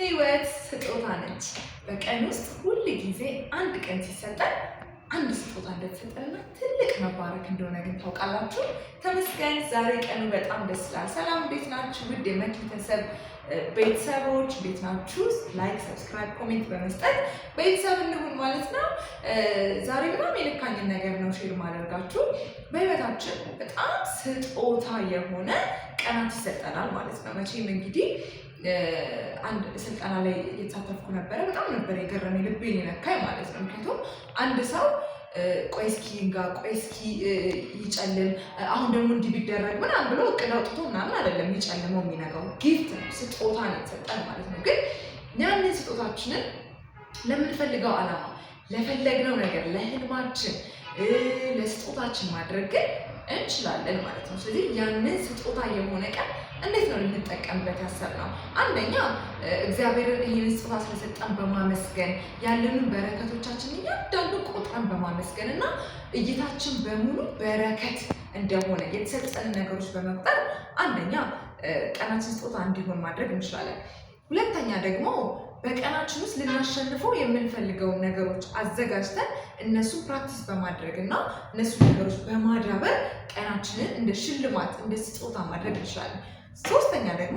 ህይወት ስጦታ ነች። በቀን ውስጥ ሁል ጊዜ አንድ ቀን ሲሰጠን አንድ ስጦታ እንደተሰጠንና ትልቅ መባረክ እንደሆነ ግን ታውቃላችሁ። ተመስገን ዛሬ ቀኑ በጣም ደስ ይላል። ሰላም፣ እንዴት ናችሁ? ውድ የመክሊተሰብ ቤተሰቦች እንዴት ናችሁ? ላይክ፣ ሰብስክራይብ፣ ኮሜንት በመስጠት ቤተሰብ እንሁን ማለት ነው። ዛሬ በጣም የልካኝን ነገር ነው ሼር ማደርጋችሁ። በህይወታችን በጣም ስጦታ የሆነ ቀናት ይሰጠናል ማለት ነው። መቼም እንግዲህ አንድ ስልጠና ላይ የተሳተፍኩ ነበረ። በጣም ነበር የገረመኝ ልቤን የነካኝ ማለት ነው። ምክንያቱም አንድ ሰው ቆይ እስኪ ይንጋ፣ ቆይ እስኪ ይጨልም፣ አሁን ደግሞ እንዲህ ቢደረግ ምናምን ብሎ እቅድ አውጥቶ ምናምን አይደለም ይጨልመው የሚነጋው ጊፍት ነው፣ ስጦታ ነው የተሰጠን ማለት ነው። ግን ያንን ስጦታችንን ለምንፈልገው ዓላማ ለፈለግነው ነገር ለህልማችን ለስጦታችን ማድረግ ግን እንችላለን ማለት ነው። ስለዚህ ያንን ስጦታ የሆነ ቀን እንዴት ነው ልንጠቀምበት ያሰብ ነው። አንደኛ እግዚአብሔርን ይህን ስጦታ ስለሰጠን በማመስገን ያለንን በረከቶቻችን እያንዳንዱ ቆጥረን በማመስገን እና እይታችን በሙሉ በረከት እንደሆነ የተሰጠንን ነገሮች በመቁጠር አንደኛ ቀናችን ስጦታ እንዲሆን ማድረግ እንችላለን። ሁለተኛ ደግሞ በቀናችን ውስጥ ልናሸንፈው የምንፈልገውን ነገሮች አዘጋጅተን እነሱ ፕራክቲስ በማድረግ እና እነሱ ነገሮች በማዳበር ቀናችንን እንደ ሽልማት እንደ ስጦታ ማድረግ እንችላለን። ሶስተኛ ደግሞ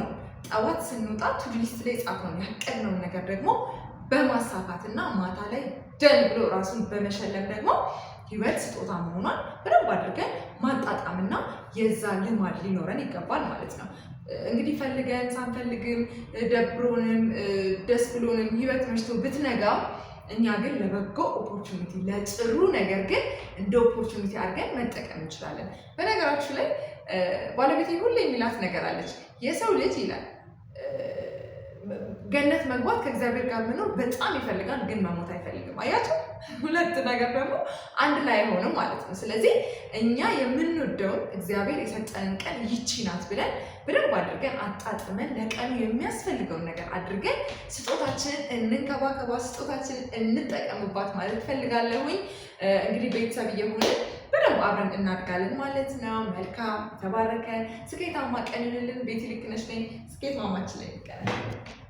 ነው። ጠዋት ስንወጣ ቱዱ ሊስት ላይ ጻፈውን ያቀድነውን ነገር ደግሞ በማሳካት እና ማታ ላይ ደን ብሎ ራሱን በመሸለም ደግሞ ህይወት ስጦታ መሆኗን በደንብ አድርገን ማጣጣምና የዛ ልማድ ሊኖረን ይገባል ማለት ነው። እንግዲህ ፈልገን ሳንፈልግም ደብሮንም ደስ ብሎንም ህይወት መሽቶ ብትነጋ እኛ ግን ለበጎ ኦፖርቹኒቲ ለጥሩ ነገር ግን እንደ ኦፖርቹኒቲ አድርገን መጠቀም እንችላለን። በነገራችሁ ላይ ባለቤቴ ሁሌ የሚላት ነገር አለች። የሰው ልጅ ይላል ገነት መግባት ከእግዚአብሔር ጋር መኖር በጣም ይፈልጋል፣ ግን መሞት አይፈልግም። አያቸው ሁለት ነገር ደግሞ አንድ ላይ ሆኖ ማለት ነው። ስለዚህ እኛ የምንወደውን እግዚአብሔር የሰጠንን ቀን ይቺ ናት ብለን በደንብ አድርገን አጣጥመን ለቀኑ የሚያስፈልገውን ነገር አድርገን ስጦታችንን እንንከባከባ፣ ስጦታችንን እንጠቀምባት ማለት እፈልጋለሁኝ። እንግዲህ ቤተሰብ እየሆንን በደንብ አብረን እናድጋለን ማለት ነው። መልካም የተባረከ ስኬታማ ቀን ይሁንልን። ቤት ልክ ነኝ። ስኬት ማማችን ላይ ይቀናል።